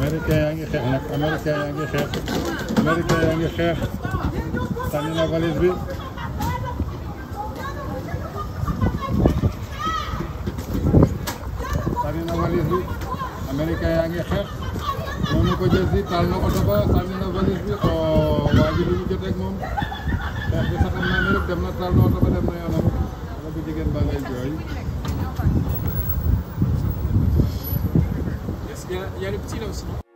Amerika yangi xeex Amerika yangi xeex Amerika yangi xeex sànni na bi sànni na bi Amerika yangi xeex moom la ko jël si taal na oto ba bi oo oh, waa ji lu ñu jot ak moom xeex bi sax am na Amérique dem na taal Il y, a, le petit là aussi.